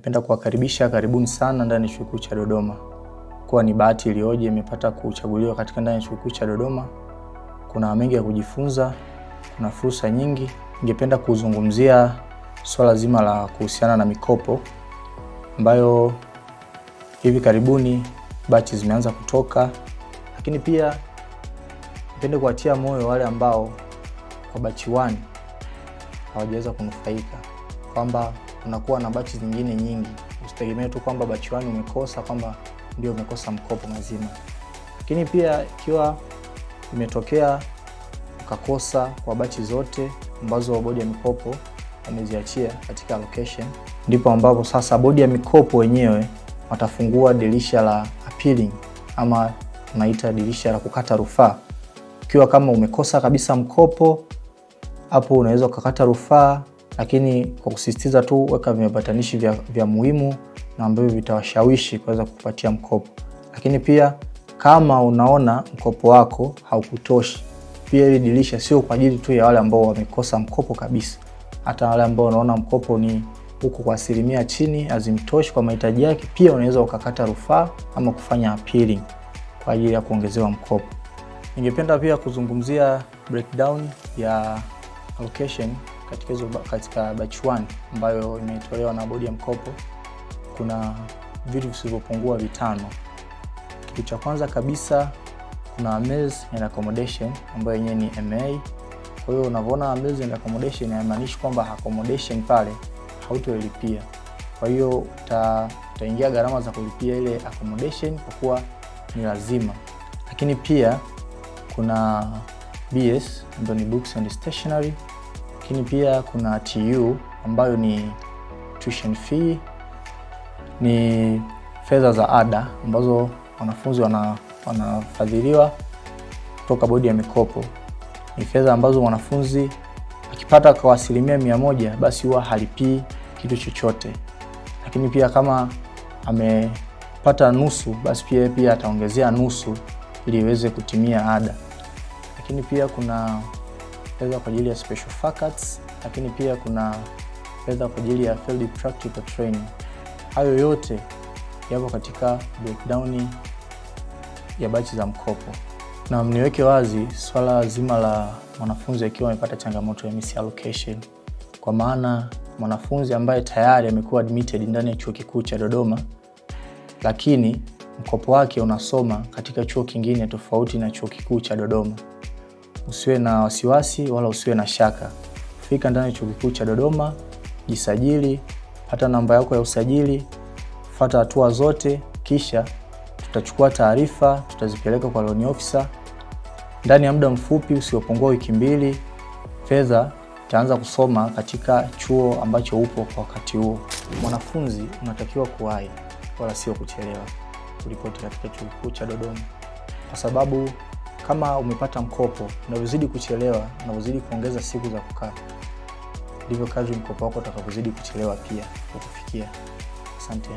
Napenda kuwakaribisha karibuni sana ndani ya chuo kikuu cha Dodoma. Kuwa ni bahati iliyoje imepata kuchaguliwa katika ndani ya chuo kikuu cha Dodoma. Kuna mengi ya kujifunza, kuna fursa nyingi. Ningependa kuzungumzia swala zima la kuhusiana na mikopo ambayo hivi karibuni bachi zimeanza kutoka, lakini pia nipende kuwatia moyo wale ambao kwa bati wani hawajaweza kunufaika kwamba unakuwa na bachi zingine nyingi. Usitegemee tu kwamba bachi wani umekosa kwamba ndio umekosa mkopo mazima Lakini pia ikiwa imetokea ukakosa kwa bachi zote ambazo bodi ya mikopo wameziachia katika allocation, ndipo ambapo sasa bodi ya mikopo wenyewe watafungua dirisha la appealing ama tunaita dirisha la kukata rufaa. Ikiwa kama umekosa kabisa mkopo, hapo unaweza ukakata rufaa lakini kwa kusisitiza tu, weka vipatanishi vya, vya muhimu na ambavyo vitawashawishi kuweza kukupatia mkopo. Lakini pia kama unaona mkopo wako haukutoshi, pia hili dirisha sio kwa ajili tu ya wale ambao wamekosa mkopo kabisa, hata wale ambao unaona mkopo ni huko kwa asilimia chini, hazimtoshi kwa mahitaji yake, pia unaweza ukakata rufaa ama kufanya appealing kwa ajili ya kuongezewa mkopo. Ningependa pia kuzungumzia breakdown ya allocation katika hizo katika batch 1 ambayo imetolewa na bodi ya mkopo kuna vitu visivyopungua vitano. Kitu cha kwanza kabisa kuna meals and accommodation ambayo yenyewe ni MA. Kwa hiyo unavyoona meals and accommodation inamaanisha kwamba accommodation pale hautolipia. Kwa hiyo utaingia uta, gharama za kulipia ile accommodation kwa kuwa ni lazima, lakini pia kuna BS ambayo ni books and stationery lakini pia kuna TU ambayo ni tuition fee, ni fedha za ada ambazo wanafunzi wana, wanafadhiliwa kutoka bodi ya mikopo. Ni fedha ambazo mwanafunzi akipata kwa asilimia mia moja basi huwa halipii kitu chochote, lakini pia kama amepata nusu basi pia pia ataongezea nusu ili iweze kutimia ada, lakini pia kuna fedha kwa ajili ya special facets, lakini pia kuna fedha kwa ajili ya field practical training. Hayo yote yapo katika breakdown ya bachi za mkopo. Na mniweke wazi swala zima la mwanafunzi akiwa amepata changamoto ya misallocation, kwa maana mwanafunzi ambaye tayari amekuwa admitted ndani ya chuo kikuu cha Dodoma, lakini mkopo wake unasoma katika chuo kingine tofauti na chuo kikuu cha Dodoma. Usiwe na wasiwasi wala usiwe na shaka. Fika ndani ya Chuo Kikuu cha Dodoma, jisajili, pata namba yako ya usajili, fuata hatua zote, kisha tutachukua taarifa, tutazipeleka kwa loan officer ndani ya muda mfupi usiopungua wiki mbili. Fedha itaanza kusoma katika chuo ambacho upo kwa wakati huo. Mwanafunzi unatakiwa kuwahi wala sio kuchelewa kuripoti katika Chuo Kikuu cha Dodoma kwa sababu kama umepata mkopo, unavyozidi kuchelewa, unavyozidi kuongeza siku za kukaa, ndivyo kazi mkopo wako utakapozidi kuchelewa pia ukufikia Asante.